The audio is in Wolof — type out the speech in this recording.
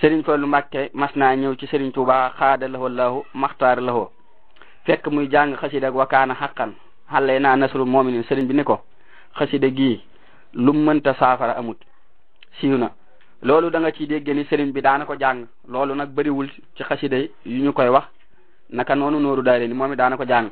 Serigne Fallu Mbakke mas naa ñëw ci Serigne Touba xaada lahu lahu maxtaar lahu fekk muy jang xasida ak wakaana xaqan xale naa nasru moominin Serigne bi ne ko xasida gii lu mënta saafara amut siiw na loolu da nga ci dégg ni Serigne bi daana ko jàng loolu nag bëriwul ci xasida yu ñu koy wax naka noonu nooru daare ni moom it daana ko jàng